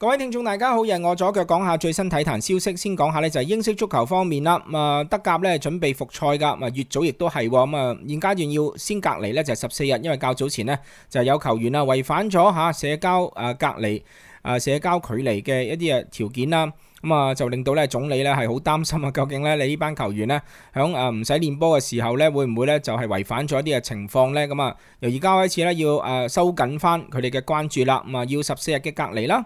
各位聽眾大家好，由我左腳講下最新體壇消息。先講下呢就係英式足球方面啦。咁啊，德甲呢準備復賽噶，咁啊乙組亦都係咁啊。現階段要先隔離呢就係十四日，因為較早前呢就有球員啊違反咗吓社交啊隔離啊社交距離嘅一啲嘅條件啦。咁啊就令到呢總理呢係好擔心啊。究竟呢你呢班球員呢響誒唔使練波嘅時候呢會唔會呢就係違反咗一啲嘅情況呢？咁啊由而家開始呢要誒收緊翻佢哋嘅關注啦。咁啊要十四日嘅隔離啦。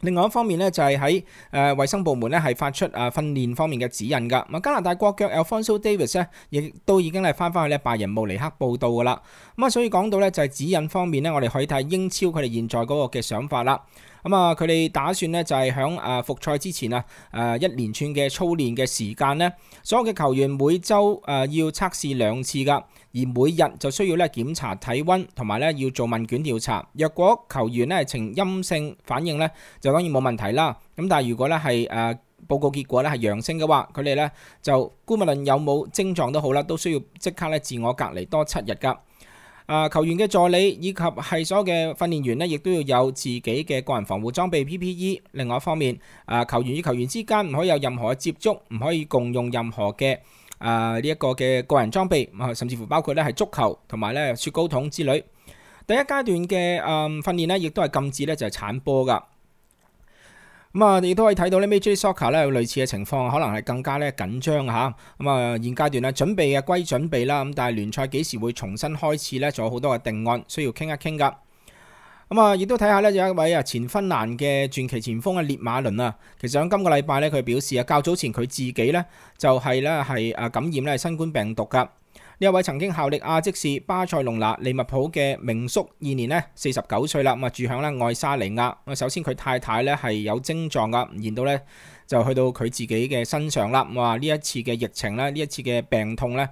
另外一方面咧，就係喺誒衞生部門咧，係發出誒訓練方面嘅指引噶。咁加拿大國腳 Alphonso Davies 咧，亦都已經係翻翻去咧拜仁慕尼黑報到噶啦。咁啊，所以講到咧，就係指引方面咧，我哋可以睇英超佢哋現在嗰個嘅想法啦。咁啊，佢哋打算咧就係喺誒復賽之前啊，誒一連串嘅操練嘅時間咧，所有嘅球員每週誒要測試兩次㗎，而每日就需要咧檢查體溫同埋咧要做問卷調查。若果球員咧呈陰性反應咧，就當然冇問題啦。咁但係如果咧係誒報告結果咧係陽性嘅話，佢哋咧就，無論有冇症狀都好啦，都需要即刻咧自我隔離多七日㗎。啊！球員嘅助理以及係所有嘅訓練員呢，亦都要有自己嘅個人防護裝備 PPE。另外一方面，啊球員與球員之間唔可以有任何嘅接觸，唔可以共用任何嘅啊呢一個嘅個人裝備，啊，甚至乎包括咧係足球同埋咧雪糕筒之類。第一階段嘅嗯訓練呢，亦都係禁止咧就係鏟波㗎。就是咁啊，你都、嗯、可以睇到咧，Major Soccer 咧有類似嘅情況，可能係更加咧緊張嚇。咁、嗯、啊，現階段咧準備嘅歸準備啦，咁但係聯賽幾時會重新開始咧，仲有好多嘅定案需要傾一傾噶。咁、嗯、啊，亦都睇下咧，看看有一位啊前芬蘭嘅傳奇前鋒嘅列馬倫啊，其實喺今個禮拜咧，佢表示啊較早前佢自己咧就係咧係啊感染咧新冠病毒噶。呢一位曾經效力亞積士、巴塞隆拿、利物浦嘅名宿，二年呢，四十九歲啦，咁啊住喺啦愛沙尼亞。咁首先佢太太咧係有症狀噶，然到咧就去到佢自己嘅身上啦。哇！呢一次嘅疫情咧，呢一次嘅病痛咧，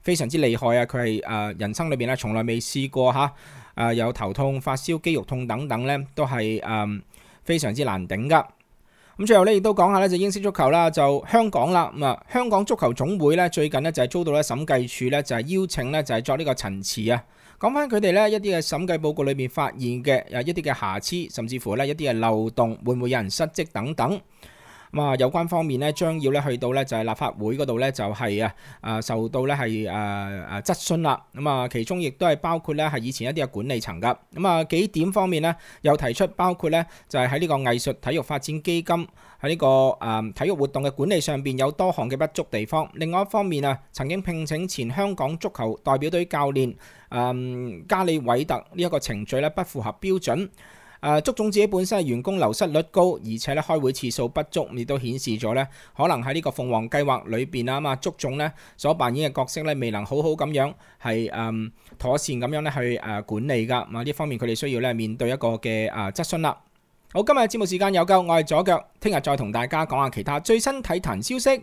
非常之厲害啊！佢係誒人生裏邊咧從來未試過吓，誒、啊、有頭痛、發燒、肌肉痛等等咧，都係誒、呃、非常之難頂噶。咁最後咧，亦都講下咧隻英式足球啦，就香港啦。咁啊，香港足球總會咧最近咧就係遭到咧審計署咧就係邀請咧就係作呢個陳詞啊。講翻佢哋咧一啲嘅審計報告裏面發現嘅啊一啲嘅瑕疵，甚至乎咧一啲嘅漏洞，會唔會有人失職等等？咁啊，有關方面咧，將要咧去到咧就係立法會嗰度咧，就係啊啊受到咧係誒誒質詢啦。咁啊，其中亦都係包括咧係以前一啲嘅管理層噶。咁、嗯、啊，幾點方面咧，又提出包括咧就係喺呢個藝術體育發展基金喺呢、這個誒、呃、體育活動嘅管理上邊有多項嘅不足地方。另外一方面啊，曾經聘請前香港足球代表隊教練誒、呃、加里·韋特呢一個程序咧不符合標準。啊，祝總自己本身係員工流失率高，而且咧開會次數不足，亦都顯示咗咧，可能喺呢個鳳凰計劃裏邊啊嘛，祝總咧所扮演嘅角色咧未能好好咁樣係嗯妥善咁樣咧去誒管理噶，啊呢方面佢哋需要咧面對一個嘅啊質詢啦。好，今日節目時間有夠，我係左腳，聽日再同大家講下其他最新體壇消息。